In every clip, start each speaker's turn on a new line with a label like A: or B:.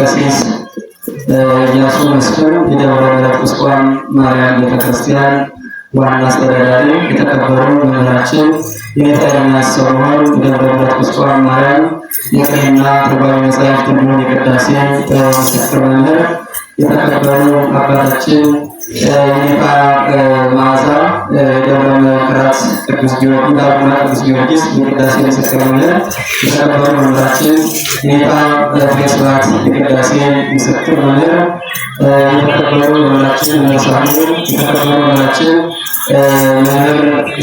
A: ቀሲስ እያሱ መስፍን የደብረ መለኮት ቁስቋም ማርያም ቤተክርስቲያን ዋና አስተዳዳሪ፣ የተከበሩ መምህራችን የኔታ ኤርምያስ የደብረ ቁስቋም ማርያም የቅኔና ትርጓሜ መጻሕፍት እንዲሁም የቅዳሴ ምስክር መምህር፣ የተከበሩ አባታችን መዓዛ ደብረ መንክራት ቅዱስ ጊዮርጊስ አቡነ ቅዱስ ጊዮርጊስ የቅዳሴ ምስክርነት የተከበሩ መምህራችን ኔታ ስብሐት የቅዳሴ ምስክር መምህር የተከበሩ መምህራችን መሳሙ የተከበሩ መምህራችን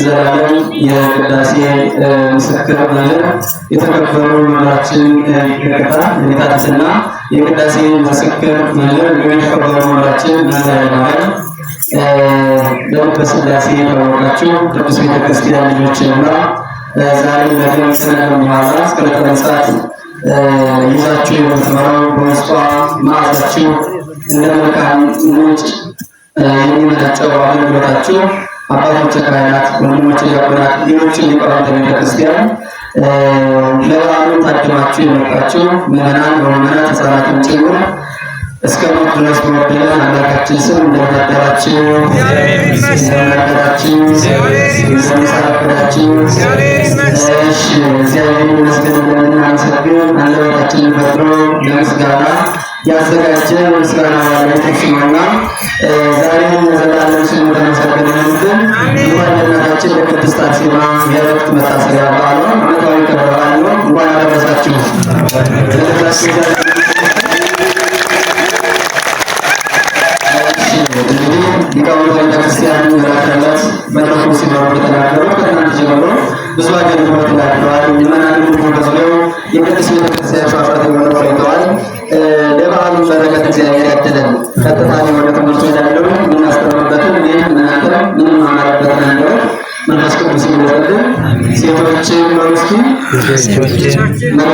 A: ዘላለም የቅዳሴ ምስክር መምህር የተከበሩ መምህራችን ይቅርታ ኔታትና የቅዳሴ ምስክር መምህር የተከበሩ መምህራችን መዘላለም ለልበ ሥላሴ የታወቃችሁ ቅዱስ ቤተክርስቲያን ልጆችና ዛሬ ነገም ስነ ማዛ እስከ ተነሳት ይዛችሁ የምትመራው በውስጧ መዓዛችሁ እንደ መልካም ምንጭ የሚመነጨው አገልግሎታችሁ አባቶች ካህናት፣ ወንድሞች ዲያቆናት፣ ሌሎችም የቆሮንቶስ ቤተክርስቲያን ለበዓሉ ታድማችሁ የመጣችሁ ምዕመናን በምዕመናት ህፃናትን ጭምር እስከ ሞት ድረስ በወደደን አምላካችን ስም እንደምናደራችሁ እግዚአብሔር ይመስገን እንደምናመሰግን አንደበታችንን ፈጥሮ ለምስጋና ያዘጋጀ ምስጋና ያለተሽማና ዛሬም ለዘላለም ስሙ ተመሰገነ ይሁን። እንኳን ለእናታችን ለቅድስት አርሴማ የዕረፍት መታሰቢያ በዓል ነው። ዓመታዊ ክብረ በዓል ነው። እንኳን አደረሳችሁ። ሊቃውንተ ቤተክርስቲያን ራክላት መድረኩ ሲኖሩ ተናገሩ። ከትናንት ጀምሮ ብዙ ቀጥታ ወደ ትምህርት ሄዳለሁ። የምናስተምርበትን ምን ምናምን ምን ማማረበት መንፈስ ቅዱስ ይገዛልን። ሴቶችን በውስጡ ሴቶችን ወደ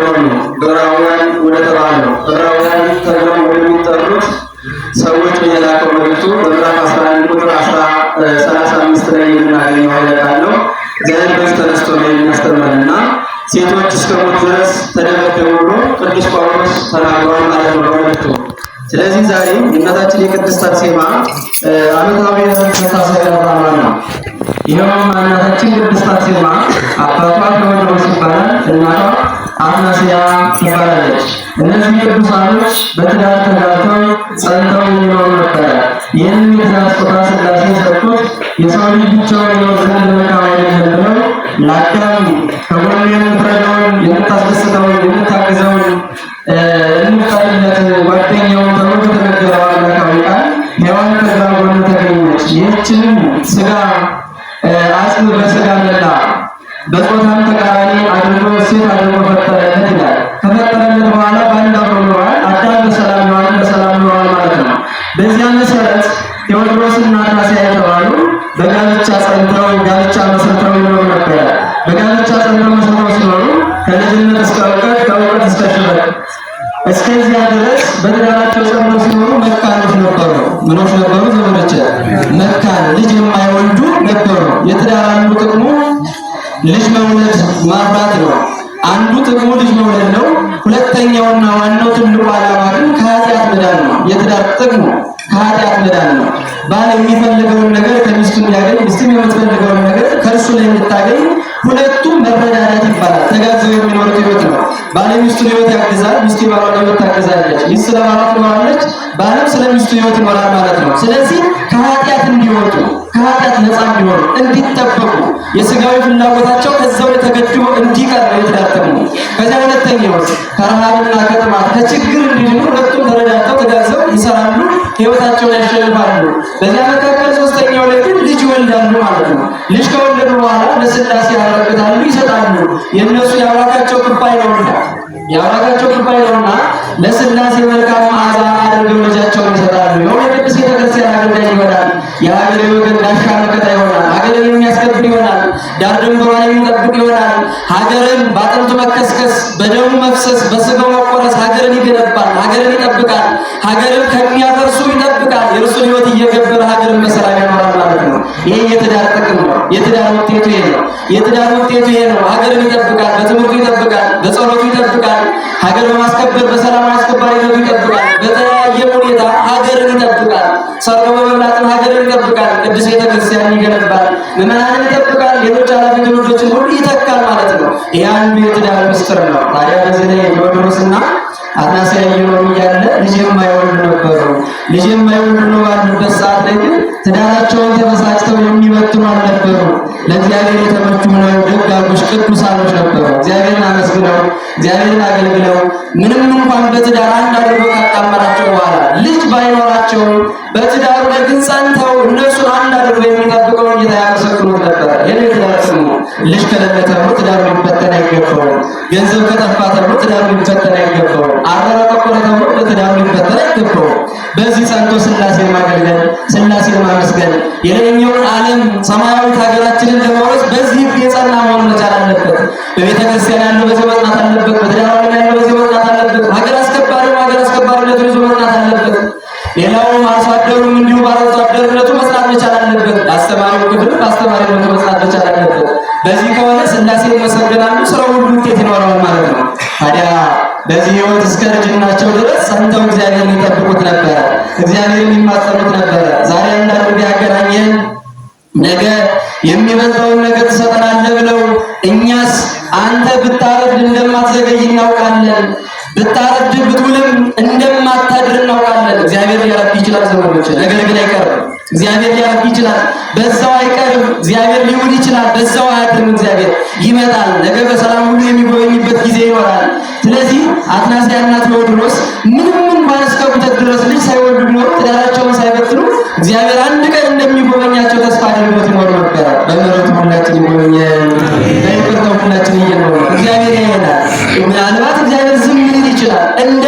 A: ሆኑ ዕብራውያን ወደ ተባለው ሁለቱ በምዕራፍ አስራ አንድ ቁጥር አስራ ላይ የምናገኘው ኃይለ ቃል ነው። እግዚአብሔር ተነስቶ ነው የሚያስተምረንና ሴቶች እስከ ሞት ድረስ ተደረገ ብሎ ቅዱስ ጳውሎስ ተናግሯል ማለት ነው በመልእክቱ። ስለዚህ ዛሬ እናታችን የቅድስት አርሴማ ዓመታዊ መታሰቢያ በዓሏ ነው። ይኸውም እናታችን ቅድስት አርሴማ አባቷ ተወድሮስ ይባላል እናቷ አትናስያ ትባላለች። እነዚህ ቅዱሳኖች በትዳር ተጋብተው ጸንተው ይኖሩ ነበረ። ይህን የትዳር ስጦታ ሥላሴ ሰጡት። የሰው ልጅ ብቻውን ይኖር ዘንድ መልካም አይደለም ብለው ለአዳም ከጎኑ የምትረዳውን የምታስደስተውን፣ የምታግዘውን እስከዚያ ድረስ በትዳራቸው ጸንተው ሲኖሩ መካኖች ነበሩ። ምኖች ነበሩ? ዘመዶች መካን ልጅ የማይወልዱ ነበሩ። የትዳር አንዱ ጥቅሙ ልጅ መውለድ ማፍራት ነው። አንዱ ጥቅሙ ልጅ መውለድ ነው። ሁለተኛውና ዋናው ትልቁ ዓላማ ግን ከኃጢአት መዳን ነው። የትዳር ጥቅሙ ከኃጢአት መዳን ነው። ባል የሚፈልገውን ነገር ከሚስቱ እንዲያገኝ፣ ሚስትም የምትፈልገውን ነገር ከእርሱ ላይ እንድታገኝ ሁለቱም መረዳዳት ይባላል። ተጋዝበው የሚኖር ህይወት ነው። ባል ሚስቱን ህይወት ያግዛል፣ ሚስቱ ባሏን ህይወት ታግዛለች። ሚስት ስለባሏ ትኖራለች፣ ባለም ስለ ሚስቱ ህይወት ይኖራል ማለት ነው። ስለዚህ ከኃጢአት እንዲወጡ ከኃጢአት ነፃ እንዲሆኑ እንዲጠበቁ የስጋዊ ፍላጎታቸው ከዛው የተገድቦ እንዲቀር ነው የተዳተሙ። ከዚያ ሁለተኛው ከረሃብና ከጥማት ከችግር እንዲድኑ ሁለቱም ተረዳድተው ተጋዝበው ይሰራሉ፣ ህይወታቸውን ያሸንፋሉ። በዚያ መካከል ሶስተኛው ላይ ግን ልጅ ይወልዳሉ ማለት ነው። ልጅ ከወለዱ በኋላ ለስላሴ ያበረክታሉ፣ ይሰጣሉ። የእነሱ የአምላካቸው ክፋይ ነውና የአምላካቸው ክፋይ ነውና ለስላሴ መልካም መዓዛ አድርገው ልጃቸውን ይሰጣሉ። የሆነ ቅዱስ ቤተክርስቲያን አገልጋይ ይሆናል። የሀገር ወገን ዳሻ መከታ ይሆናል። ሀገርን የሚያስከብር ይሆናል። ዳር ድንበሯን የሚጠብቅ ይሆናል። ሀገርን በአጥንቱ መከስከስ፣ በደሙ መፍሰስ፣ በስጋው መቆረስ ሀገርን ይገነባል። ሀገርን ይጠብቃል። ሀገርን ከሚያፈርሱ ይጠብቃል። የእርሱን ህይወት እየገበረ ሀገር መሰላ ያኖራል ማለት ነው። ይሄ የትዳር ጥቅም ነው። የትዳር ውጤቱ ይሄ ነው። የትዳር ውጤቱ ይሄ ነው። ሀገርን ይጠብቃል፣ በትምህርቱ ይጠብቃል፣ በጸሎቱ ይጠብቃል፣ ሀገር በማስከበር በሰላም አስከባሪነቱ ይጠብቃል። በተለያየ ሁኔታ ሀገርን ይጠብቃል። ሰርቶ በመብላትን ሀገርን ይጠብቃል። ቅዱስ ቤተክርስቲያን ይገነባል፣ ምዕመናንን ይጠብቃል፣ ሌሎች ኃላፊ ትምህርቶችን ሁሉ ይተካል ማለት ነው። ይህ አንዱ የትዳር ምስጢር ነው። ታዲያ በዚህ ላይ ቴዎድሮስና አናሳ የሚሆኑ እያለ ልጅ የማይወልድ ነበሩ። ልጅ የማይወልድ ነው ባሉበት ሰዓት ላይ ግን ትዳራቸውን ተመሳጭተው የሚበትኑ አልነበሩ። ለእግዚአብሔር የተመቹ ነው፣ ደጋጎች፣ ቅዱሳኖች ነበሩ። እግዚአብሔርን አመስግነው እግዚአብሔርን አገልግለው ምንም እንኳን በትዳር አንድ አድርጎ ካጣመራቸው በኋላ ልጅ ባይኖራቸውም በትዳሩ ላይ ግን ጸንተው እነሱን አንድ አድርጎ የሚጠ ነበር። የኔ ትዳር ስሙ ልጅ ከሌለ ተብሎ ትዳር ሊፈተን የሚገባው ገንዘብ ከጠፋ ተብሎ ትዳር ሊፈተን የሚገባው አራራቆ ተብሎ ለትዳር ሊፈተን አይገባው። በዚህ ጸንቶ ስላሴን ማገልገል ስላሴን ማመስገን የሌላኛው ዓለም ሰማያዊት ሀገራችንን ለማውረስ በዚህ የጸና መሆን መቻል አለበት። በቤተ ክርስቲያን ያለው በዚህ መጽናት አለበት። በትዳር ላይ ያለው በዚህ መጽናት አለበት። ሀገር አስከባሪ ሀገር አስከባሪነቱን ይዞ መጽናት አለበት። ሌላውም አርሶ አደሩም እንዲሁ ባርሶ አደርነቱ መጽናት አስተማሪው ክፍል በአስተማሪነት መጽናት ብቻ አይደለም። በዚህ ከሆነ ስላሴ ይመሰገናሉ፣ ስራው ሁሉ ውጤት ይኖረዋል ማለት ነው። ታዲያ በዚህ ህይወት እስከ ድረስ ሰምተው እግዚአብሔር የሚጠብቁት ነበረ፣ እግዚአብሔር የሚማጸኑት ነበረ። ዛሬ አንዳንዱ ቢያገናኘን ነገ የሚበዛውን ነገር ትሰጠናለህ ብለው እኛስ አንተ ብታረፍድ እንደማትዘገይ እናውቃለን፣ ብታረፍድ ብትውልም እንደማታድር እናውቃለን። እግዚአብሔር ሊያረፍድ ይችላል ዘመኖች፣ ነገር ግን አይቀርም እግዚአብሔር ሊያርግ ይችላል፣ በዛው አይቀርም። እግዚአብሔር ሊውል ይችላል፣ በዛው አያድርም። እግዚአብሔር ይመጣል፣ ነገ በሰላም ሁሉ የሚጎበኝበት ጊዜ ይኖራል። ስለዚህ አትናስያና ቴዎድሮስ ምንም እንኳን እስከ ቁጠት ድረስ ልጅ ሳይወልዱ ኖሩ ትዳራቸውን ሳይበትኑ እግዚአብሔር አንድ ቀን እንደሚጎበኛቸው ተስፋ አድርጎት ይኖር ነበረ። በምሕረቱ ሁላችን ይጎበኘ በይቅርታው ሁላችን እየኖሩ እግዚአብሔር ያየናል። ምናልባት እግዚአብሔር ዝም ሊል ይችላል እንደ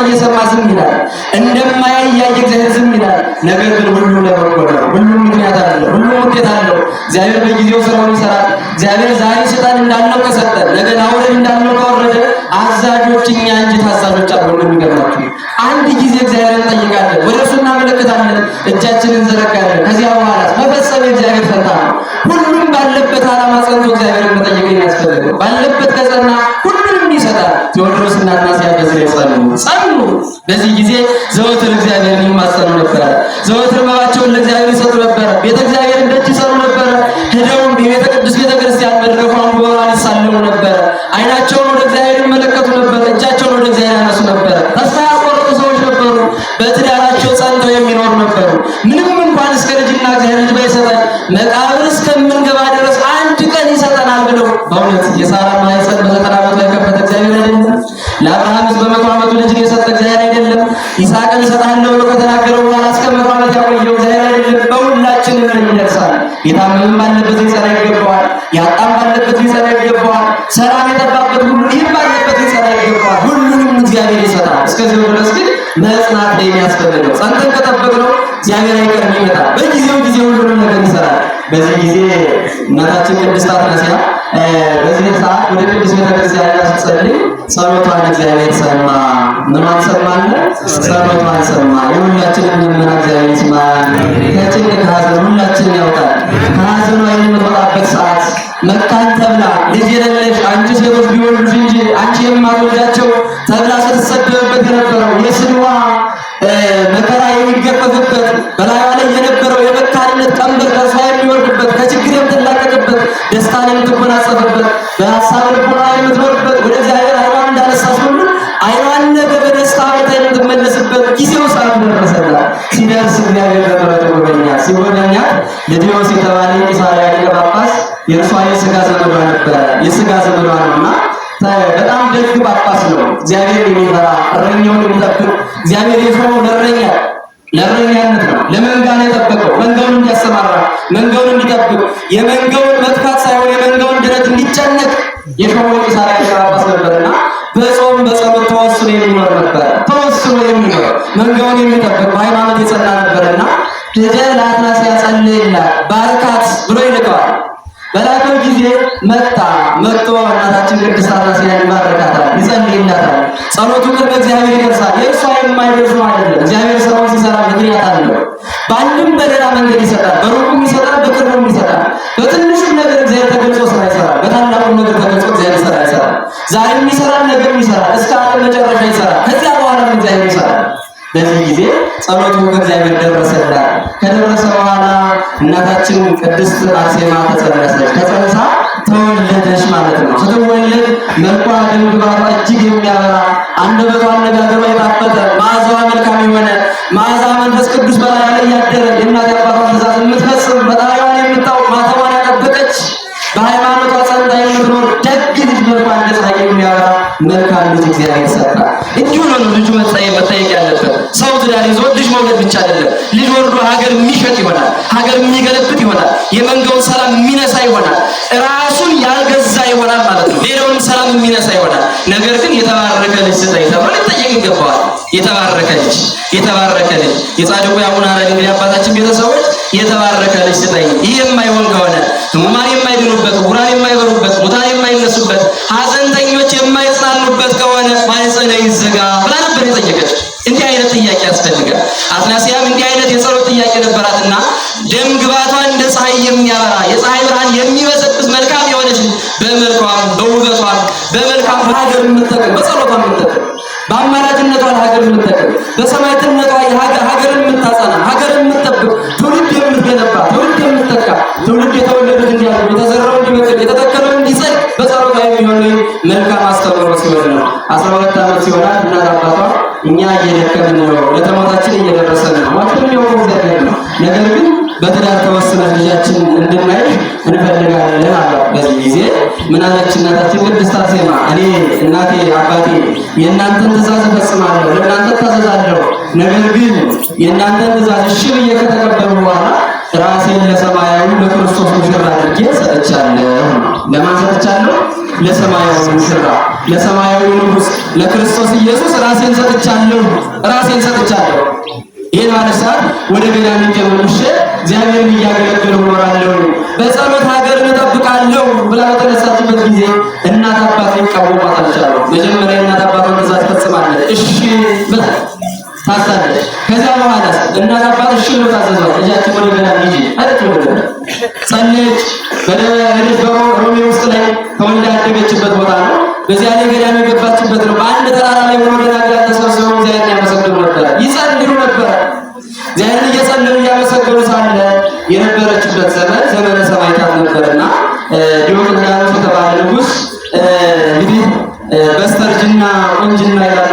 A: ቃል የሰማ ዝም ይላል፣ እንደማያይ ያየ እግዚአብሔር ዝም ይላል። ነገር ግን ሁሉ ለበጎ ነው። ሁሉ ምክንያት አለ። ሁሉ ውጤት አለው። እግዚአብሔር በጊዜው ስራውን ይሰራል። እግዚአብሔር ዛሬ ሰጣን እንዳለው ከሰጠ፣ ነገ አውረድ እንዳለው ከወረደ፣ አዛዦች እኛ እንጂ ታዛዦች አልሆንም። የሚገርማችሁ አንድ ጊዜ እግዚአብሔር እንጠይቃለን፣ ወደ እሱ እናመለክታለን፣ እጃችንን እንዘረጋለን። ከዚያ በኋላ መፈጸም እግዚአብሔር ፈንታ ነው። ሁሉም ባለበት ዓላማ ጸንቶ እግዚአብሔር መጠየቅ የሚያስፈልገው ባለበት ከጸና ሁሉንም ይሰጣል። ቴዎድሮስና አትናስያ በዚህ ጸኑ ጸኑ። በዚህ ጊዜ ዘወትር እግዚአብሔርን ይማጸኑ ነበረ። ዘወትር መባቸውን ለእግዚአብሔር ይሰጡ ነበረ። ቤተ እግዚአብሔር ደጅ ይሰሩ ነበረ። ሄደውም የቤተ ቅዱስ ቤተ ክርስቲያን መድረኳን በወራን ይሳለሙ ነበረ። አይናቸውን ወደ እግዚአብሔር ይመለከቱ ነበረ። እጃቸውን ወደ እግዚአብሔር ያነሱ ነበረ። ተስፋ ያቆረጡ ሰዎች ነበሩ በትዳራ ዳዊት በመቶ ዓመቱ ልጅ የሰጠ እግዚአብሔር አይደለም? ይስሐቅን እሰጥሃለሁ ብሎ ከተናገረው በኋላ እስከ መቶ ዓመት ያቆየው እግዚአብሔር አይደለም? በሁላችንም ላይ ይደርሳል። የታመመም ባለበት ሊጸና ይገባዋል። ያጣም ባለበት ሊጸና ይገባዋል። ሰላም የጠባበት ሁሉ ይህም ባለበት ሊጸና ይገባዋል። ሁሉንም እግዚአብሔር ይሰጣል። እስከዚህ ድረስ ግን መጽናት ላይ የሚያስፈልገው ጸንተን ከጠበቅነው እግዚአብሔር አይቀርም፣ ይመጣል። በጊዜው ጊዜ ሁሉንም ነገር ይሰራል። በዚህ ጊዜ እናታችን ቅድስት አትናስያ በዚህ ሰዓት ወደ ቅዱስ ቤተክርስቲያን ስትጸልይ ጸሎቷን እግዚአብሔር ሰማ። ምኗን ሰማለ ጸሎቷን ሰማ። የሁላችንም ልመና እግዚአብሔር ይስማ። ከጭንቅ ሐዘን ሁላችንን ያውጣል። ከሐዘኗ የምንወጣበት ሰዓት መካን ተብላ ልጅ የሌለሽ አንቺ ሴቶች ቢወልዱ እንጂ አንቺ የማትወልዳቸው ተብላ ስትሰደብበት የነበረው የስድዋ መከራ የሚገፈፍበት በላዩ ላይ የነበረው የመካንነት ቀንበር ከእሷ የሚወርድበት ከችግር የምትላቀቅበት ደስታን የምትጎናጸፍበት በሀሳብ ነፍስ እግዚአብሔር በምሕረቱ ጎበኛት። ሲጎበኛት ልድዮስ የተባለ የቂሳርያ ሊቀ ጳጳስ የእርሷ የስጋ ዘመዷ ነበረ፣ የስጋ ዘመዷ ነው እና በጣም ደግ ጳጳስ ነው። እግዚአብሔር የሚፈራ እረኛውን የሚጠብቅ እግዚአብሔር የሾመው ለእረኛ ለእረኛነት ነው። ለመንጋ ነው የጠበቀው፣ መንጋውን እንዲያሰማራ፣ መንጋውን እንዲጠብቅ፣ የመንጋውን መጥፋት ሳይሆን የመንጋውን ድነት እንዲጨነቅ የሾመው ቂሳርያ ሊቀ ጳጳስ ነበርና በጾም በጸሎት ተወስኖ የሚኖር ነበር። አስቦ የሚኖር መንጋውን የሚጠብቅ በሃይማኖት የጸና ነበርና ደጀ ለአትናስ ያጸልይላ ባርካት ብሎ ይልቀዋል። በላከው ጊዜ መጣ። መጥቶ እናታችን ቅድስት አትናስያን ይባርካታል፣ ይጸልይላታል። ጸሎቱ ግን በእግዚአብሔር ይደርሳል። የእሷ የማይደርሱ አይደለም። እግዚአብሔር ስራውን ሲሰራ ምክንያት አለው። በአንድም በሌላ መንገድ ይሰጣል። በሩቁም ይሰጣል፣ በቅርቡም ይሰጣል። በትንሹም ነገር እግዚአብሔር ተገልጾ ስራ ይሰራል። በታላቁም ነገር ተገልጾ ዛሬም ይሰራል፣ ነገም ይሰራል፣ እስከ ዓለም መጨረሻ ይሰራል። ከዚያ በኋላ እግዚአብሔር ይሰራል። በዚህ ጊዜ ጸሎቱ ከእግዚአብሔር ደረሰላት። ከደረሰ በኋላ እናታችን ቅድስት አርሴማ ተጸነሰች። ከጸንሳ ተወለደች ማለት ነው። ስትወለድ መልኳ ደምግባቷ እጅግ የሚያበራ አንደበቷ አነጋገሯ የጣፈጠ መዓዛዋ መልካም የሆነ መዓዛ መንፈስ ቅዱስ በላዩ ላይ ያደረ የእናት አባቷ ትእዛዝ የምትፈጽም በጣም የምታውቅ ማተሟን ያጠበቀች በሃይማኖቷ ጸንታ የምትኖር ደግ ልጅ በርባን ለፀሐይ የሚያወራ መልካም ልጅ እግዚአብሔር ሰጥራ። እንዲሁ ነው ልጁ መጠየቅ መጠየቅ ያለበት። ሰው ትዳር ይዞ ልጅ መውለድ ብቻ አይደለም። ልጅ ወልዶ ሀገር የሚሸጥ ይሆናል፣ ሀገር የሚገለብጥ ይሆናል፣ የመንጋውን ሰላም የሚነሳ ይሆናል፣ ራሱን ያልገዛ ይሆናል ማለት ነው። ሌላውንም ሰላም የሚነሳ ይሆናል። ነገር ግን የተባረከ ልጅ ስጠኝ ተብሎ ሊጠየቅ ይገባዋል። የተባረከ ልጅ የተባረከ ልጅ የጻድቁ የአቡነ አረጋዊ እንግዲህ አባታችን ቤተሰቦች የተባረከ ልጅ ስጠኝ። ይህ የማይሆን ከሆነ ሕሙማን የማይድኑበት፣ ዕውራን የማይበሩበት፣ ሙታን የማይነሱበት፣ ሐዘንተኞች የማይጽናኑበት ከሆነ ማኅፀነ ይዘጋ ብላ ነበር የጠየቀች። እንዲህ አይነት ጥያቄ ያስፈልጋል። አትናሲያም እንዲህ አይነት የጸሎት ጥያቄ ነበራትና ደም ግባቷ እንደ ፀሐይ የሚያበራ የፀሐይ ብርሃን የሚበሰብስ መልካም የሆነች በመልኳም በውበቷም በመልካም ሀገር የምትጠቅም በጸሎቷ የምትጠቅም በአማራጭነቷ ለሀገር የምትጠቅም በሰማዕትነቷ ሀገርን የምታጸና መልካም አስተምሮ ሲወድ ነው። አስራ ሁለት ዓመት ሲሆናት እናት አባቷ እኛ እየደከምን ነው፣ ለተማታችን እየደረሰን ነው ማለትም የሆኑ እግዚአብሔር ነው። ነገር ግን በትዳር ተወስነን ልጃችን እንድናይ እንፈልጋለን አለ። በዚህ ጊዜ ምን አለች እናታችን ቅድስት አርሴማ? እኔ እናቴ አባቴ የእናንተን ትእዛዝ እፈጽማለሁ፣ ለእናንተ ታዘዛለሁ። ነገር ግን የእናንተን ትእዛዝ እሺ ብዬ ከተቀበሉ በኋላ ራሴን ለሰማያዊ ለክርስቶስ ሙሽራ አድርጌ ሰጥቻለሁ። ነው ለማንሰጥቻለሁ ለሰማያዊ ሙሽራ ለሰማያዊ ንጉስ ለክርስቶስ ኢየሱስ ራሴን ሰጥቻለሁ፣ ራሴን ሰጥቻለሁ። ይሄን ማለት ሰዓት ወደ ቤንያሚን ተመልሼ እግዚአብሔርን እያገለገልኩ እኖራለሁ፣ በጸሎት ሀገርን እጠብቃለሁ ብላ በተነሳችበት ጊዜ እናት አባት ሊቃወሟት አልቻሉም። መጀመሪያ እናት አባት መዛት ፈጽማለች። እሺ ብላ ታስታለች። ከዛ በኋላ እናት አባት እሺ ብሎ ታዘዟል። ልጃችሁ ወደ ገና ልጅ አይደት ጸለየች። በደህንሽ በሮሜ ውስጥ ላይ ተወልዳ ያደገችበት ቦታ ነው። በዚያ ላይ ገዳም የገባችበት ነው። በአንድ ተራራ ላይ ሆኖ ደናግላ ተሰብስበው እግዚአብሔርን ያመሰግኑ ነበር፣ ይጸልዩ ነበር። እግዚአብሔርን እየጸለዩ እያመሰገኑ ሳለ የነበረችበት ዘመን ዘመነ ሰማዕታት ነበርና ዲዮቅልጥያኖስ የተባለ ንጉሥ እንግዲህ በስተርጅና ቁንጅና ይላል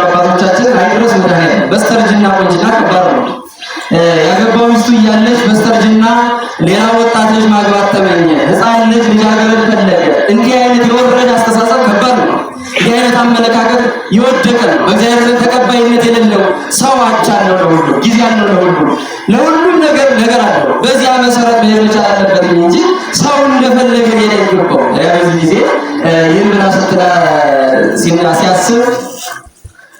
A: ሌላ ወጣት ልጅ ማግባት ተመኘ፣ ህፃን ልጅ ልጃገረድ ፈለገ። እንዲህ አይነት የወረደ አስተሳሰብ ከባድ ነው። እንዲህ አይነት አመለካከት የወደቀ ነው። በእግዚአብሔር ዘንድ ተቀባይነት የሌለው ሰው አቻ አለው ለሁሉ ጊዜ አለው ለሁሉ ለሁሉም ነገር ነገር አለው። በዚያ መሰረት መሄድ መቻል አለበት እንጂ ሰው እንደፈለገ ሄደ ይገባው። በዚህ ጊዜ ይህን ብላ ስትላ ሲያስብ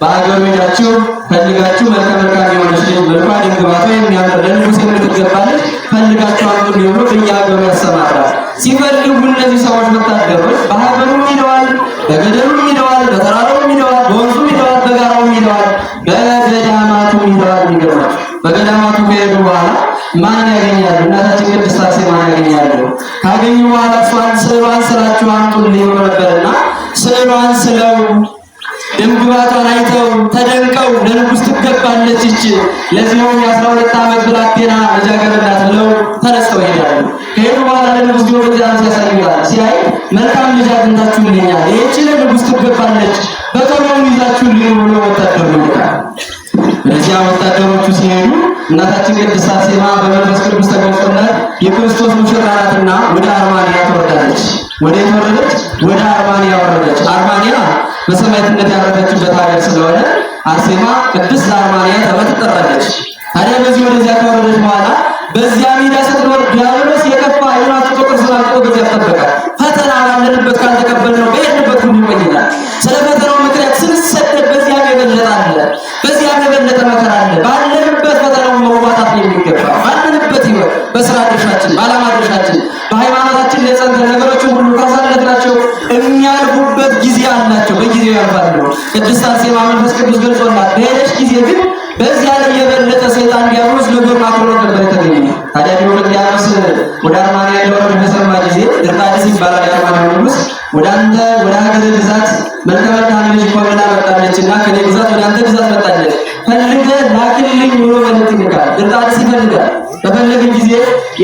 A: በአገሩ ሄዳችሁ ፈልጋችሁ መልከ መልካም የሆነች ልጅ መልኳ ድንግባቷ የሚያምር ለንጉሥ የምትገባለች ፈልጋቸዋል ቢሆኑ በየሀገሩ ያሰማራል። ሲፈልጉ እነዚህ ሰዎች ወታደሮች በሀገሩም ሂደዋል፣ በገደሉም ሂደዋል፣ በተራራውም ሂደዋል፣ በወንዙም ሂደዋል፣ በጋራውም ሂደዋል፣ በገዳማቱም ሂደዋል። የሚገርማል በገዳማቱ ከሄዱ በኋላ ማን ያገኛሉ? እናታችን ቅድስት አርሴማን ያገኛሉ። ካገኙ በኋላ እሷን ስዕሏን ስላችሁ አምጡልኝ ብሎ ነበርና ስዕሏን ስለው ድምግባቷን አይተው ተደንቀው ለንጉስ ትገባል ለዚሁም የአስራ ሁለት ዓመት ብላቴና ልጃገረድ ናት ብለው ተነስተው ይሄዳሉ። ከሄዱ በኋላ ለንጉሥ ዲዮቅልጥያኖስ ያሳዩታል። ሲያይ መልካም ልጅ አግኝታችሁልኛል፣ ይህቺ ለንጉሥ ትገባለች፣ በቀሏም ይዛችሁልኝ ብሎ ወታደሩ ይልካል። እነዚያ ወታደሮቹ ሲሄዱ እናታችን ቅድስት አርሴማ በመንፈስ ቅዱስ ተገልጾላት የክርስቶስ ሙሽራ ናትና ወደ አርማንያ ትወርዳለች። ወደ የተወረደች ወደ አርማንያ ወረደች። አርማንያ በሰማዕትነት ያረፈችበት ሀገር ስለሆነ አርሴማ ቅድስት ላርማንያ ተብላ ትጠራለች። ታዲያ በዚህ ወደዚያ ከወረደች በኋላ በዚያ ሜዳ ስትኖር ዲያብሎስ የከፋ የራሱ ቁጥር ስላልቆ በዚያ ያስጠበቃል። ፈተና ባለንበት ካልተቀበልነው በሄድንበት ሁሉ ይቆይናል። ስለ ፈተናው ምክንያት ስንሰደድ በዚያ የበለጠ አለ፣ በዚያ የበለጠ መከራ አለ። ባለንበት ፈተናው መዋጣት የሚገባ ባለንበት ህይወት በስራ ድርሻችን፣ በዓላማ ድርሻችን፣ በሃይማኖት ያልፋል ነው። ቅድስት አርሴማ መንፈስ ቅዱስ ገልጾላት በሄደች ጊዜ ግን በዚህ ዓለም የበለጠ ሰይጣን ዲያብሎስ ለጎን አክሮት ነበር የተገኘ። ታዲያ ዲዮቅልጥያኖስ ወደ አርማንያ እንደሆነ በሰማ ጊዜ ድርጣድስ ይባላል የአርማንያ ንጉሥ፣ ወደ አንተ ወደ ሀገር ግዛት መልከ ልጅ ኮብላ መጣለች እና ከኔ ግዛት ወደ አንተ ግዛት መጣለች፣ ፈልገ ላክልኝ ብሎ መልእክት ይልካል። ድርጣድስ ይፈልጋል። በፈለገ ጊዜ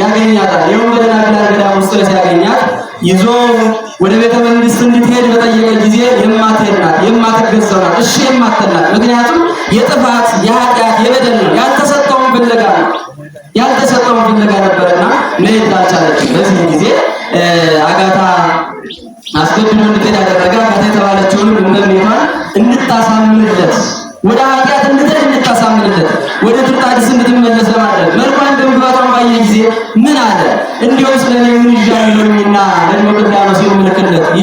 A: ያገኛታል። ይኸውም ገዳም ውስጥ ሲያገኛት ይዞ ወደ ቤተ መንግስት እንድትሄድ በጠየቀ ጊዜ የማትሄድናት የማትገዛናት እሺ የማትናት ምክንያቱም የጥፋት የኃጢአት የበደል ነው ያልተሰጠውን ፍለጋ ነው ያልተሰጠውን ፍለጋ ነበረና መሄድ አልቻለች። በዚህ ጊዜ አጋታ አስገድዶ እንድትሄድ ያደረገ አጋታ የተባለችውን እመቤቷን እንድታሳምንለት ወደ ኃጢአት እንድትል እንድታሳምንለት ወደ ትርታዲስ እንድትመለስ ለማድረግ መልኳን ደምግባቷን ባየ ጊዜ ምን አለ እንዲሁም ስለኔ ምን ይዣለሁኝና ደግሞ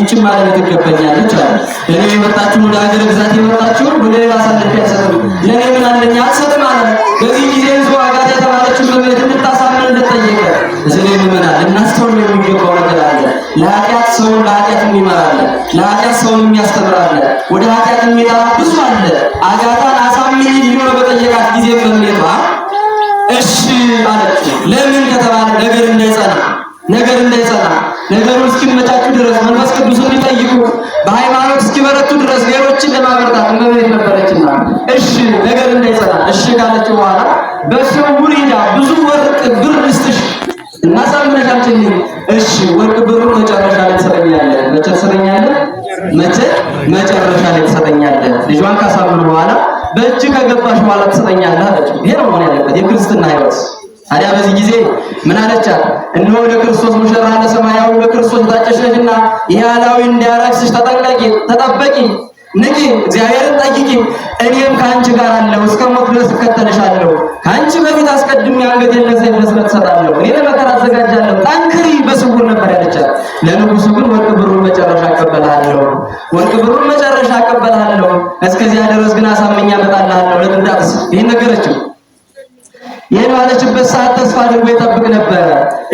A: ይችን ማለት ትገባኛለች አለ። ለእኔ የመጣችሁ ወደ ሀገረ ግዛት የመጣችሁ ወደ ሌላ አሳልፌ አልሰጥም፣ ለእኔ ምን አለኝ አልሰጥም አለ። በዚህ ጊዜ ህዝቡ አጋት የተባለችን በቤት እንድታሳምን እንደጠየቀ እዚህ ላይ ምመናል እናስተውል የሚገባው ነገር አለ። ለኃጢአት ሰውን ለኃጢአት የሚመራለ ለኃጢአት ሰውን የሚያስተምራለ ወደ ኃጢአት የሚጠራ ብዙ አለ። አጋታን አሳምን ሊሆነ በጠየቃት ጊዜ መምሌቷ እሺ አለች። ለምን ከተባለ ነገር እንዳይጸና ነገር እንዳይጸና ነገሩ እስኪመቻችሁ ድረስ መንፈስ ቅዱስ ሊጠይቁ በሃይማኖት እስኪበረቱ ድረስ ሌሎችን ለማበርታት እመቤት ነበረችና እሺ ነገር እንዳይጸና እሺ ካለች በኋላ በስውር ሄዳ ብዙ ወርቅ ብር ልስጥሽ እና ሳምነሻችን እሺ ወርቅ ብሩ መጨረሻ ላይ ትሰጠኛለህ። መቼ ትሰጠኛለህ? መቼ መጨረሻ ላይ ትሰጠኛለህ። ልጇን ካሳምን በኋላ በእጅ ከገባሽ በኋላ ትሰጠኛለህ አለችው። ይሄ ነው መሆን ያለበት የክርስትና ህይወት ታዲያ በዚህ ጊዜ ምን አለቻት? እነሆ ለክርስቶስ ሙሽራ ለሰማያዊ በክርስቶስ ታጨሸሽና ይህ አላዊ እንዳያራክስሽ ተጠንቀቂ፣ ተጠበቂ፣ ንቂ፣ እግዚአብሔርን ጠይቂ። እኔም ከአንቺ ጋር አለው እስከ ሞት ድረስ እከተልሻለሁ። ከአንቺ በፊት አስቀድሜ አንገት የለሰ ድረስ እሰጣለሁ። እኔ ለመከራ አዘጋጃለሁ። ጠንክሪ፣ በስውር ነበር ያለቻት። ለንጉሱ ግን ወርቅ ብሩን መጨረሻ እቀበላለሁ፣ ወርቅ ብሩን መጨረሻ እቀበላለሁ። እስከዚያ ድረስ ግን አሳምኛ እመጣልሃለሁ። ለምን ዳቅስ ይህን ነገረችው። ይህን ባለችበት ሰዓት ተስፋ አድርጎ ይጠብቅ ነበረ።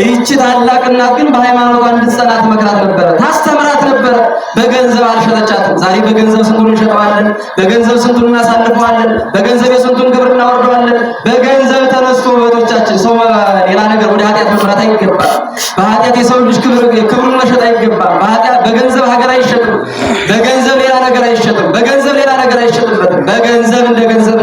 A: ይህቺ ታላቅ እናት ግን በሃይማኖቷ እንድትጸናት መክራት ነበረ፣ ታስተምራት ነበረ። በገንዘብ አልሸጠቻትም። ዛሬ በገንዘብ ስንቱን እንሸጠዋለን፣ በገንዘብ ስንቱን እናሳልፈዋለን፣ በገንዘብ የስንቱን ክብር እናወርደዋለን። በገንዘብ ተነስቶ ወቶቻችን ሰው ሌላ ነገር ወደ ኃጢአት መስራት አይገባም። በኃጢአት የሰው ልጅ ክብሩን መሸጥ አይገባም። በገንዘብ ሀገር አይሸጥም። በገንዘብ ሌላ ነገር አይሸጥም። በገንዘብ ሌላ ነገር አይሸጥበትም። በገንዘብ እንደ ገንዘብ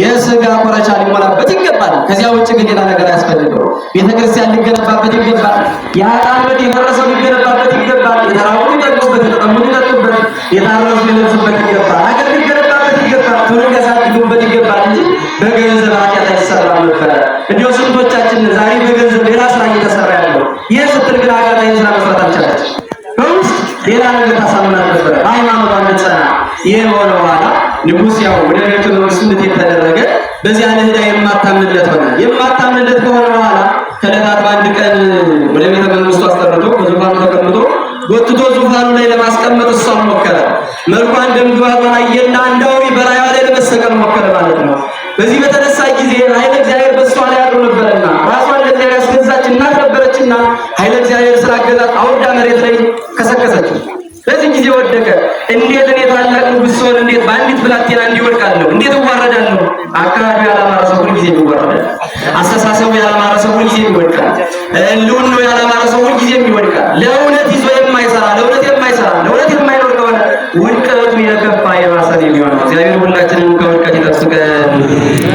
A: የስጋ ቆረቻ ሊሞላበት ይገባል። ከዚያ ውጭ ግን ሌላ ነገር አያስፈልገው። ቤተክርስቲያን ሊገነባበት ይገባል። የአጣን ቤት የደረሰው ሊገነባበት ይገባል። የተራቡ ሊጠጡበት፣ የተጠሙ ሊጠጡበት፣ የታረሱ ሊለብሱበት ይገባል። ሀገር ሊገነባበት ይገባል። ትውልድ ያሳድጉበት ይገባል እንጂ በገንዘብ ኃጢአት አይሰራም ነበረ። እንዲያው ስንቶቻችን ዛሬ በገንዘብ ሌላ ስራ እየተሰራ ያለው ይህ ስትል ግን ሀገር ላይ ስራ መስራት አልቻለች። በውስጥ ሌላ ነገር ታሳምናል ነበረ። በሃይማኖቷ ንጸና ይህ የሆነ በኋላ ንጉስ ያው ወደ ቤተ ለመስነት የተደረገ በዚያ አይነት ላይ የማታምንለት ሆነ። የማታምንለት ከሆነ በኋላ ከለታት በአንድ ቀን ወደ ቤተ መንግስቱ አስጠርቶ ከዙፋኑ ተቀምጦ ወጥቶ ዙፋኑ ላይ ለማስቀመጥ እሷን ሞከረ። መልኳን ደምግባቷን አየና አንድ አውሬ በላይዋ ላይ ለመሰቀል ሞከረ ማለት ነው። በዚህ በተነሳ ጊዜ ኃይለ እግዚአብሔር በሷ ላይ አድሮ ነበረና ራሷን ለእግዚአብሔር ያስገዛች እናት ነበረችና ኃይለ እግዚአብሔር ስላገዛት አውርዳ መሬት ላይ ከሰከሰችው። በዚህ ጊዜ ወደቀ። እንዴት እኔ ታላቅ ንጉሥ ስሆን እንዴት በአንዲት ብላቴና እንዲወድቃለሁ? እንዴት እዋረዳለሁ? አካባቢ ያላማረ ሰው ጊዜ ይወርዳል። አስተሳሰቡ ያላማረ ሰው ሁልጊዜ ይወድቃል። ሕልውናው ያላማረ ሰው ጊዜ ይወድቃል። ለእውነት ይዞ የማይሰራ ለእውነት የማይሰራ ለእውነት የማይኖር ከሆነ ውድቀቱ የከፋ የባሰ የሚሆነው። እግዚአብሔር ሁላችንም ከውድቀት ይጠብቀን።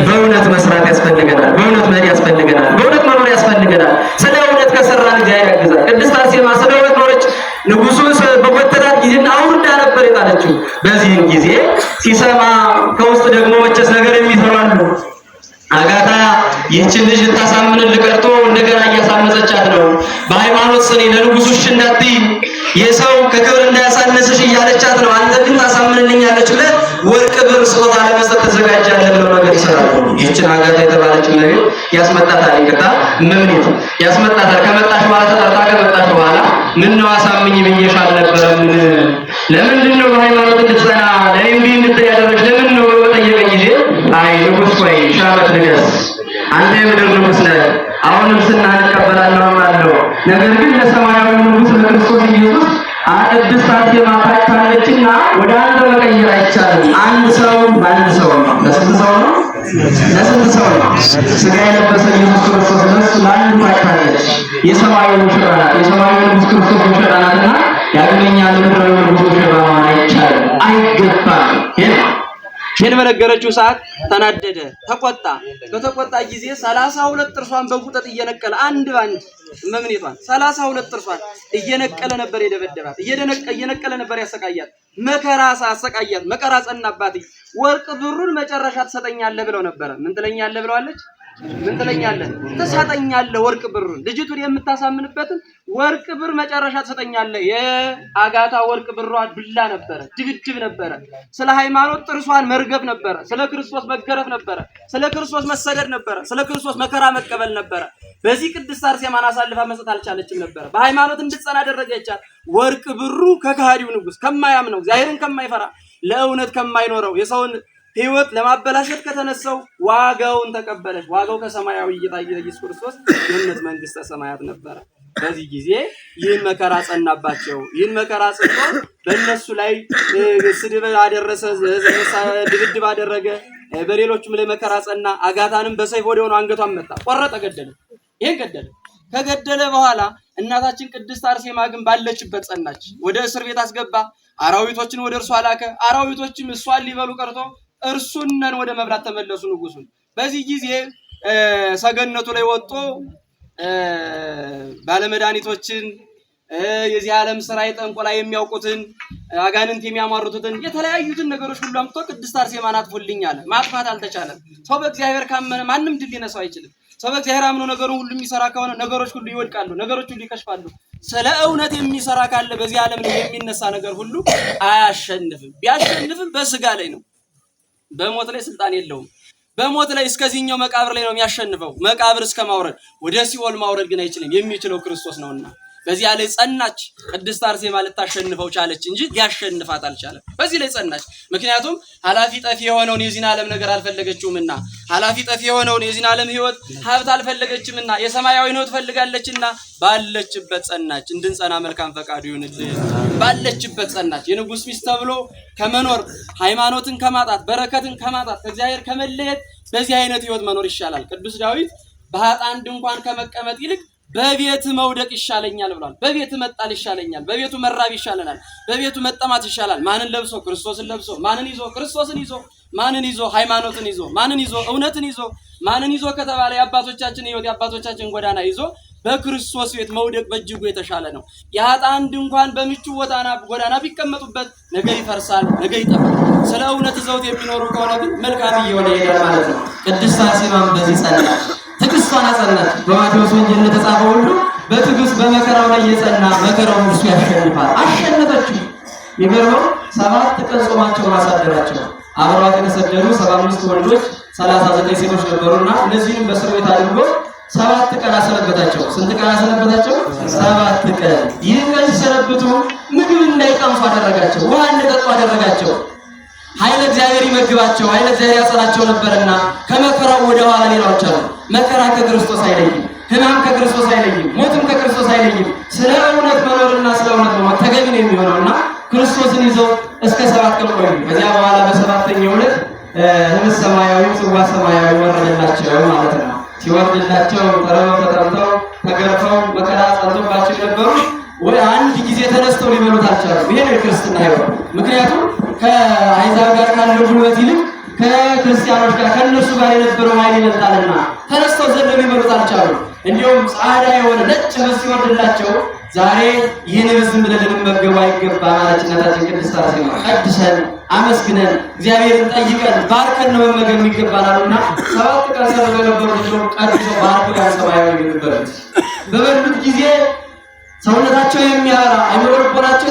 A: በእውነት መስራት ያስፈልገናል። በእውነት መሄድ ያስፈልገናል። አለች። በዚህን ጊዜ ሲሰማ ከውስጥ ደግሞ መቸስ ነገር ነው አጋታ ይህችን ልጅ ልታሳምንል ቀርቶ እንደገና እያሳመፀቻት ነው። በሃይማኖት ስኔ ለንጉሱ እሺ እንዳትይ የሰው ከክብር እንዳያሳነስሽ እያለቻት ነው። አንተ ግን ያለች ብለ ወርቅ፣ ብር ስጦታ ለመስጠት ተዘጋጃለህ ብለው ነገር ይሰራሉ። ይህችን አጋታ የተባለች ነገር ያስመጣታል። ይቅርታ መምኔት ያስመጣታል። ከመጣሽ በኋላ ተጠርታ ከመጣሽ በኋላ ምን ነው አሳምኝ ብዬሽ አልነበረም ለምንድን ነው በሃይማኖት እንድትጸና ለኔ እንዲ እንድትል ያደረች ለምን ነው ብሎ በጠየቀ ጊዜ አይ ንጉስ ወይ ሺህ ዓመት ንገስ፣ አንተ የምድር ንጉስ ነህ። አሁንም ስናህን እቀበላለሁ አለው። ነገር ግን ለሰማያዊ ንጉስ ለክርስቶስ ኢየሱስ አቅድስት አርሴማ ታጭታለችና ወደ አንተ መቀየር አይቻልም። አንድ ሰው በአንድ ሰው ነው። ለስንት ሰው ነው? ለስንት ሰው ነው? ስጋ የለበሰ ኢየሱስ ክርስቶስ ለእሱ ለአንዱ ታጭታለች። የሰማያዊ ሙሽራ ናት። የሰማያዊ ንጉስ ክርስቶስ ሙሽራ ናትና ዳግመኛ ልንብረ ይህን በነገረችው ሰዓት ተናደደ፣ ተቆጣ። በተቆጣ ጊዜ ሰላሳ ሁለት ጥርሷን በቁጠት እየነቀለ አንድ ባንድ መምኔቷን ሰላሳ ሁለት ጥርሷን እየነቀለ ነበር የደበደባት፣ እየነቀለ ነበር ያሰቃያት። መከራሳ አሰቃያት፣ መከራ ጸናባት። ወርቅ ብሩን መጨረሻ ትሰጠኛለህ ብለው ነበረ። ምን ትለኛለህ ብለዋለች? ምን ትለኛለህ? ትሰጠኛለህ ወርቅ ብር፣ ልጅቱን የምታሳምንበትን ወርቅ ብር መጨረሻ ትሰጠኛለህ። የአጋታ ወርቅ ብሯ ዱላ ነበረ፣ ድብድብ ነበረ፣ ስለ ሃይማኖት ጥርሷን መርገብ ነበረ፣ ስለ ክርስቶስ መገረፍ ነበረ፣ ስለ ክርስቶስ መሰደድ ነበረ፣ ስለ ክርስቶስ መከራ መቀበል ነበረ። በዚህ ቅድስት አርሴማን አሳልፋ መስጠት አልቻለችም ነበረ። በሃይማኖት እንድትጸና አደረገቻት። ወርቅ ብሩ ከካሃዲው ንጉስ ከማያምነው እግዚአብሔርን ከማይፈራ ለእውነት ከማይኖረው የሰውን ህይወት ለማበላሸት ከተነሳው ዋጋውን ተቀበለች። ዋጋው ከሰማያዊ ጌታ ኢየሱስ ክርስቶስ የእምነት መንግስተ ሰማያት ነበረ። በዚህ ጊዜ ይህን መከራ ጸናባቸው። ይህን መከራ ጽፎ በእነሱ ላይ ስድብ አደረሰ፣ ድብድብ አደረገ። በሌሎችም ላይ መከራ ጸና። አጋታንም በሰይፍ ወደ ሆነ አንገቷን መታ፣ ቆረጠ፣ ገደለ። ይህን ገደለ። ከገደለ በኋላ እናታችን ቅድስት አርሴማ ግን ባለችበት ጸናች። ወደ እስር ቤት አስገባ። አራዊቶችን ወደ እርሷ ላከ። አራዊቶችም እሷን ሊበሉ ቀርቶ እርሱነን ወደ መብራት ተመለሱ ንጉሱን። በዚህ ጊዜ ሰገነቱ ላይ ወጦ ባለመድኃኒቶችን የዚህ ዓለም ስራ የጠንቆላ የሚያውቁትን አጋንንት የሚያማሩትን የተለያዩትን ነገሮች ሁሉ አምጥቶ ቅድስት አርሴማን አጥፉልኝ አለ። ማጥፋት አልተቻለም። ሰው በእግዚአብሔር ካመነ ማንም ድል ሊነሳው አይችልም። ሰው በእግዚአብሔር አምኖ ነገሩን ሁሉ የሚሰራ ከሆነ ነገሮች ሁሉ ይወድቃሉ፣ ነገሮች ሁሉ ይከሽፋሉ። ስለ እውነት የሚሰራ ካለ በዚህ ዓለም የሚነሳ ነገር ሁሉ አያሸንፍም። ቢያሸንፍም በስጋ ላይ ነው። በሞት ላይ ስልጣን የለውም። በሞት ላይ እስከዚህኛው መቃብር ላይ ነው የሚያሸንፈው። መቃብር እስከ ማውረድ ወደ ሲኦል ማውረድ ግን አይችልም፣ የሚችለው ክርስቶስ ነውና በዚያ ላይ ጸናች። ቅድስት አርሴማ ልታሸንፈው ቻለች እንጂ ሊያሸንፋት አልቻለም። በዚህ ላይ ጸናች። ምክንያቱም ኃላፊ ጠፊ የሆነውን የዚህን ዓለም ነገር አልፈለገችውምና፣ ኃላፊ ጠፊ የሆነውን የዚህን ዓለም ሕይወት ሀብት አልፈለገችምና፣ የሰማያዊን ሕይወት ፈልጋለችና ባለችበት ጸናች። እንድንጸና መልካም ፈቃዱ ይሁንልን። ባለችበት ጸናች። የንጉሥ ሚስት ተብሎ ከመኖር ሃይማኖትን ከማጣት በረከትን ከማጣት ከእግዚአብሔር ከመለየት በዚህ አይነት ሕይወት መኖር ይሻላል። ቅዱስ ዳዊት በሀጣን ድንኳን ከመቀመጥ ይልቅ በቤት መውደቅ ይሻለኛል ብሏል። በቤት መጣል ይሻለኛል፣ በቤቱ መራብ ይሻለናል፣ በቤቱ መጠማት ይሻላል። ማንን ለብሶ? ክርስቶስን ለብሶ። ማንን ይዞ? ክርስቶስን ይዞ። ማንን ይዞ? ሃይማኖትን ይዞ። ማንን ይዞ? እውነትን ይዞ። ማንን ይዞ ከተባለ የአባቶቻችን ህይወት የአባቶቻችን ጎዳና ይዞ በክርስቶስ ቤት መውደቅ በእጅጉ የተሻለ ነው። የአጣን ድንኳን በምቹ ቦታና ጎዳና ቢቀመጡበት ነገ ይፈርሳል፣ ነገ ይጠፋል። ስለ እውነት ዘውት የሚኖሩ ከሆነ ግን መልካም እየሆነ ይሄዳል ማለት ነው። ቅድስት አርሴማም በዚህ ጸናች። ትዕግስቷን አጸናች። በማቴዎስ ወንጌል እንደተጻፈው ሁሉ በትዕግስት በመከራው ላይ የጸና መከራውን እርሱ ያሸንፋል። አሸነፈችው። የሚገርመው ሰባት ቀን ጾማቸውን አሳደራቸው። አብረዋት የተሰደዱ ሰባ አምስት ወንዶች ሰላሳ ዘጠኝ ሴቶች ነበሩና እነዚህም በእስር ቤት አድርጎ ሰባት ቀን አሰነበታቸው። ስንት ቀን አሰነበታቸው? ሰባት ቀን። ይህ ቀን ሲሰነብቱ ምግብ እንዳይቀምሱ አደረጋቸው፣ ውሃ እንዲጠጡ አደረጋቸው። ኃይለ እግዚአብሔር ይመግባቸው፣ ኃይለ እግዚአብሔር ያጸናቸው ነበርና ከመከራው ወደ ኋላ ሌላዎች አሉ። መከራ ከክርስቶስ አይለይም፣ ህማም ከክርስቶስ አይለይም፣ ሞትም ከክርስቶስ አይለይም። ስለ እውነት መኖርና ስለ እውነት መሞት ተገቢ ነው የሚሆነውና ክርስቶስን ይዘው እስከ ሰባት ቀን ቆዩ። ከዚያ በኋላ በሰባተኛው ዕለት ህብስተ ሰማያዊ ጽዋ ሰማያዊ ወረደላቸው ማለት ነው። ሲወርድላቸው ተርበው ተጠምተው ተገርፈው መከራ ጸንቶባቸው ነበሩ። ወይ አንድ ጊዜ ተነስተው ሊበሉት አልቻሉም። ይሄ ነው የክርስትና ሕይወት። ምክንያቱም ከአሕዛብ ጋር ካለው ጉልበት ይልቅ ከክርስቲያኖች ጋር ከእነሱ ጋር የነበረው ኃይል ይበልጣልና ተነስተው ዘለው ሊበሉት አልቻሉም። እንዲሁም ጻዳ የሆነ ነጭ ልብስ ሲወርድላቸው ዛሬ ይህን ዝም ብለን ልንመገቡ አይገባ ማለት እናታችን ቅድስት አርሴማ ቀድሰን አመስግነን እግዚአብሔርን ጠይቀን ባርከን ነው መመገብ የሚገባናል እና ሰባት ቀን ሰርተው የነበሩት ቀድሶ ባርከው ያን ሰማያዊ የሚበሉት በበሉት ጊዜ ሰውነታቸው የሚያራ አይምሮ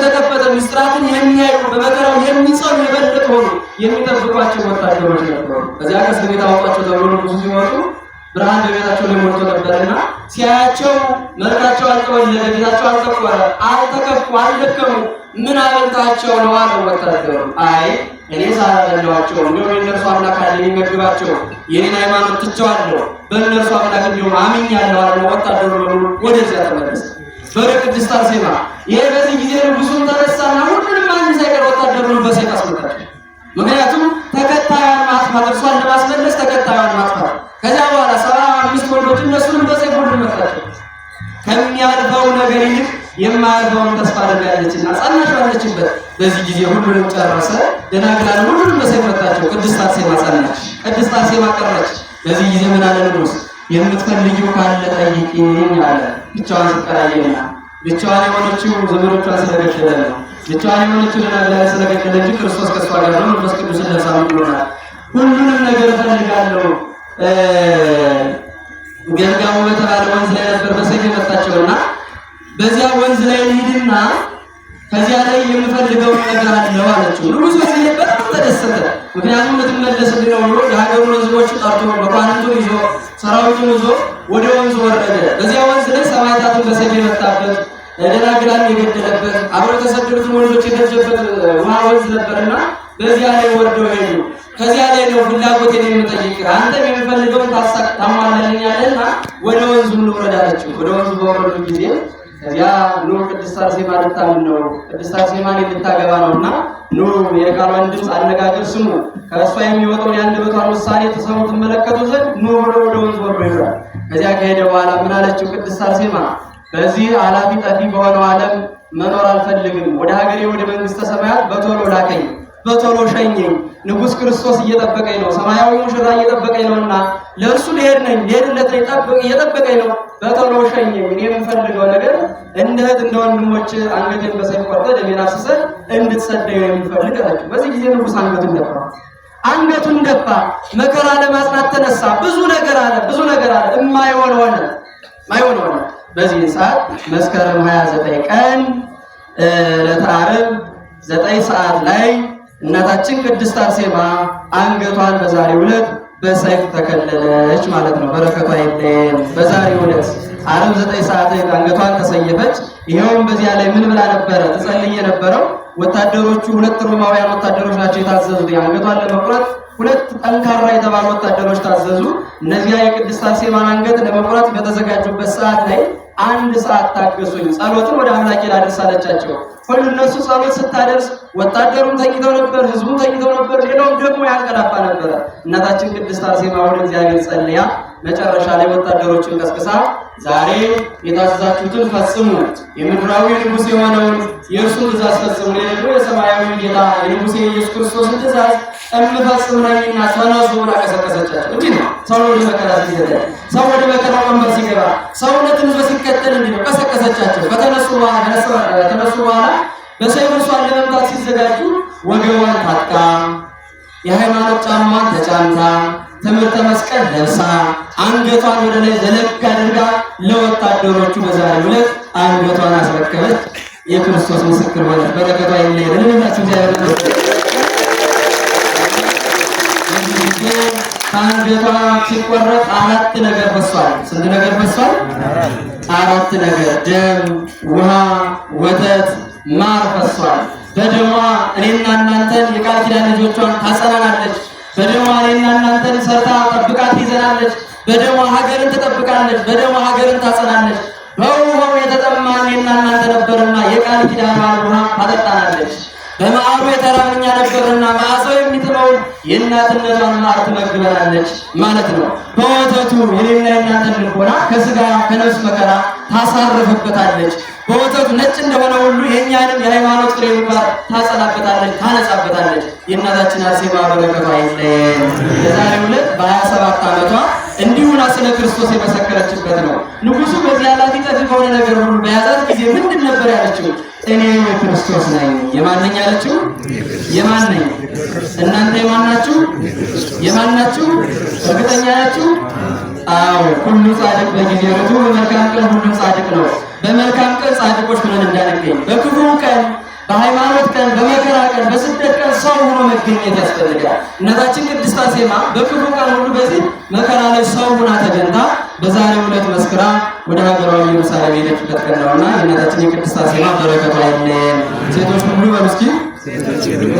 A: የተከፈተ ምስጢራትን የሚያዩ በመከራው የሚጸኑ የበለጠ ሆኑ የሚጠብቋቸው ወታደሮች ነበሩ። ከዚያ ከእስር ቤት አወጧቸው ተብሎ ብዙ ሲወጡ ብርሃን በቤታቸው ላይ ሞልቶ ነበርና ሲያያቸው መልካቸው አልተወለደ፣ ጌታቸው አልተኮረ፣ አልተከፉ፣ አልደከሙ። ምን አበልታቸው ነው አለው ወታደሩ። አይ እኔ ሳላበላኋቸው እንዲሁም የእነርሱ አምላክ አለ የሚመግባቸው የኔን ሃይማኖት ትቼዋለሁ፣ በእነርሱ አምላክ እንዲሁም አምኛለሁ አለ። ወታደሩ በሙሉ ወደዚያ ተመለሰ። ወደ ቅድስት አርሴማ ይሄ በዚህ ጊዜ ተነሳና ሁሉንም አንድ ሳይቀር በሰይፍ ምክንያቱም ተከታዩን ማጥፋት እርሷን ለማስመለስ ተከታዩን ማጥፋት። ከዚያ በኋላ ሰባ አምስት ወንዶች እነሱንም በሰይፍ ሁሉ ከሚያልፈው ነገር ይልቅ የማያልፈውን ተስፋ ጸናሽ ባለችበት በዚህ ጊዜ ሁሉንም ጨረሰ። ደናግላን ሁሉንም በሰይፍ መታቸው። ቅድስት አርሴማ ጸናች፣ ቅድስት አርሴማ ቀረች። በዚህ ጊዜ ምን አለ ንጉስ የምትፈልጊው ካለ ጠይቂኝ አለ። ብቻዋን ስትቀራየና ብቻዋን የሆነችው ዘመዶቿን ስለገደለ ነው። ብቻዋን የሆነችው ስለገደለ እንጂ ክርስቶስ ከእሷ ጋር ነው። መንፈስ ቅዱስ ለብሳ ብሎናል። ሁሉንም ነገር እፈልጋለሁ። ገልጋሙ በተባለ ወንዝ ላይ ነበር በሰይፍ የመታቸውና በዚያ ወንዝ ላይ ሂድና ከዚያ ላይ የምፈልገው ነገር አለው አለችው። ንጉሥ በዚህ በጣም ተደሰተ። ምክንያቱም ልትመለስልኝ ነው ብሎ የሀገሩን ሕዝቦች ጠርቶ መኳንንቱን ይዞ ሰራዊቱን ይዞ ወደ ወንዝ ወረደ። በዚያ ወንዝ ላይ ሰማዕታትን በሰይፍ የመታበት ደናግላን የገደለበት አብረው የተሰደዱትን ወንዶች የፈጀበት ውሃ ወንዝ ነበርና በዚያ ላይ ወርደው ሄዱ። ከዚያ ላይ ነው ፍላጎቴን የምጠይቅ አንተ የምፈልገውን ታሟላለኛለና ወደ ወንዝ ልውረድ አለችው። ወደ ወንዝ በወረዱ ጊዜ ያ ኑር ቅድስት አርሴማ ልታምን ነው፣ ቅድስት አርሴማን ልታገባ ነው እና ኑሩ የቃሏን ድምፅ አነጋገር ስሙ፣ ከእሷ የሚወጣውን የአንደበቷን ውሳኔ ተሰሙ ትመለከቱ ዘንድ ኑሩ ብሎ ወደ ወንዝ ወሮ ይላል። ከዚያ ከሄደ በኋላ ምን አለችው ቅድስት አርሴማ? በዚህ አላፊ ጠፊ በሆነው ዓለም መኖር አልፈልግም። ወደ ሀገሬ ወደ መንግስተ ሰማያት በቶሎ ላከኝ። በቶሎ ሸኘኝ። ንጉሥ ክርስቶስ እየጠበቀኝ ነው፣ ሰማያዊ ሙሽራ እየጠበቀኝ ነው እና ለእርሱ ልሄድ ነኝ፣ ልሄድለት እየጠበቀኝ ነው። በቶሎ ሸኘኝ። እኔ የምፈልገው ነገር እንደ እህት እንደ ወንድሞች አንገቴን በሰይፍ ቆርጠህ ደሜን አፍስሰህ እንድትሰደኝ የምፈልግ አላቸው። በዚህ ጊዜ ንጉሥ አንገቱን ደፋ፣ አንገቱን ደፋ። መከራ ለማጽናት ተነሳ። ብዙ ነገር አለ፣ ብዙ ነገር አለ። የማይሆን ሆነ፣ የማይሆን ሆነ። በዚህ ሰዓት መስከረም 29 ቀን ዕለተ ዓርብ ዘጠኝ ሰዓት ላይ እናታችን ቅድስት አርሴማ አንገቷን በዛሬው ዕለት በሰይፍ ተከለለች ማለት ነው። በረከቷ ይለየን። በዛሬው ዕለት ዓርብ ዘጠኝ ሰዓት አንገቷን ተሰየፈች። ይኸውም በዚያ ላይ ምን ብላ ነበረ ትጸልይ የነበረው? ወታደሮቹ ሁለት ሮማውያን ወታደሮች ናቸው የታዘዙት አንገቷን ለመቁረጥ ሁለት ጠንካራ የተባሉ ወታደሮች ታዘዙ። እነዚያ የቅድስት አርሴማን አንገት ለመቁረጥ በተዘጋጁበት ሰዓት ላይ አንድ ሰዓት ታገሱኝ፣ ጸሎትን ወደ አምላኬ ላደርስ አለቻቸው። ሁሉ እነሱ ጸሎት ስታደርስ ወታደሩም ተኝተው ነበር፣ ህዝቡም ተኝተው ነበር፣ ሌላውም ደግሞ ያንቀላፋ ነበረ። እናታችን ቅድስት አርሴማ ወደ እግዚአብሔር ጸልያ መጨረሻ ላይ ወታደሮችን ቀስቅሳ ዛሬ የታዘዛችሁትን ፈጽሙ፣ የምድራዊ ንጉሥ የሆነውን የእርሱን ትእዛዝ ፈጽሙ፣ ሌሎ የሰማያዊ ጌታ የንጉሴ የኢየሱስ ክርስቶስን ትእዛዝ እንፈጽም ነኝና ተነሱ ብላ ቀሰቀሰቻቸው። እንዲህ ነው ሰው ወደ መከራ ሲገባ፣ ሰው ወደ መከራ ወንበር ሲገባ፣ ሰውነትን ህዝብ እንዲህ ነው ቀሰቀሰቻቸው። ከተነሱ ተነሱ በኋላ በሰይፍ እርሷን ለመምታት ሲዘጋጁ ወገቧን ታጥቃ የሃይማኖት ጫማን ተጫምታ ትምህርተ መስቀል ለብሳ አንገቷን ወደ ላይ ዘለግ አድርጋ ለወታደሮቹ በዛሬው ዕለት አንገቷን አስረከበች። የክርስቶስ ምስክር ሆነች። በረከቷ ይለየን። ለምንላችሁ እግዚአብሔር ከአንገቷ ሲቆረጥ አራት ነገር በሷል። ስንት ነገር በሷል? አራት ነገር ደም፣ ውሃ፣ ወተት፣ ማር ፈሷል። በደሟ እኔና እናንተን የቃል ኪዳን ልጆቿን ታጸናናለች። በደሟ እኔና እናንተን ሰርታ ጠብቃ ትይዘናለች። በደሟ ሀገርን ትጠብቃለች። በደሟ ሀገርን ታጸናለች። በውሃው የተጠማ እኔና እናንተ ነበርና የቃል ኪዳን ውሃ ታጠጣናለች። በማዕሩ የተራብኛ ነበርና ማዕዛው የሚጥመውን የእናትነቷን ማር ትመግበናለች ማለት ነው። በወተቱ የኔና የእናንተን ልቦና ከስጋ ከነፍስ መከራ ታሳርፍበታለች። በወተቱ ነጭ እንደሆነ ሁሉ የእኛንም የሃይማኖት ፍሬ ምግባር ታጸናበታለች፣ ታነጻበታለች። የእናታችን አርሴማ በረከቷ አይለየን። የዛሬ ሁለት በሀያ ሰባት ዓመቷ እንዲሁና ስለ ክርስቶስ የመሰከረችበት ነው። ንጉሱ በዚህ ኃላፊነት ከሆነ ነገር ሁሉ በያዛት ጊዜ ምንድን ነበር ያለችው? እኔ የክርስቶስ ነኝ። የማን የማነኝ ያለችው ነኝ? እናንተ የማን ናችሁ? እርግጠኛ ናችሁ? አዎ ሁሉ ጻድቅ በጊዜ ርቱ፣ በመልካም ቀን ሁሉ ጻድቅ ነው። በመልካም ቀን ጻድቆች ሆነን እንዳንገኝ በክፉ ቀን በሃይማኖት ቀን፣ በመከራ ቀን፣ በስደት ቀን ሰው ሆኖ መገኘት ያስፈልጋል። እናታችን ቅድስት አርሴማ በክፉ ቀን ሁሉ በዚህ መከራ ላይ ሰው ሆና ተገንታ በዛሬው ዕለት መስክራ ወደ ሀገሯ ኢየሩሳሌም የሄደችበት ቀን ነውና የእናታችን የቅድስት አርሴማ በረከቱ አይለየን። ሴቶች ሁሉ በምስኪ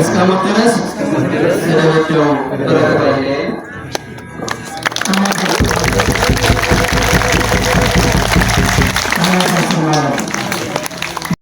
A: እስከ ሞት ድረስ ተደበደቡ። በረከቱ አይለየን።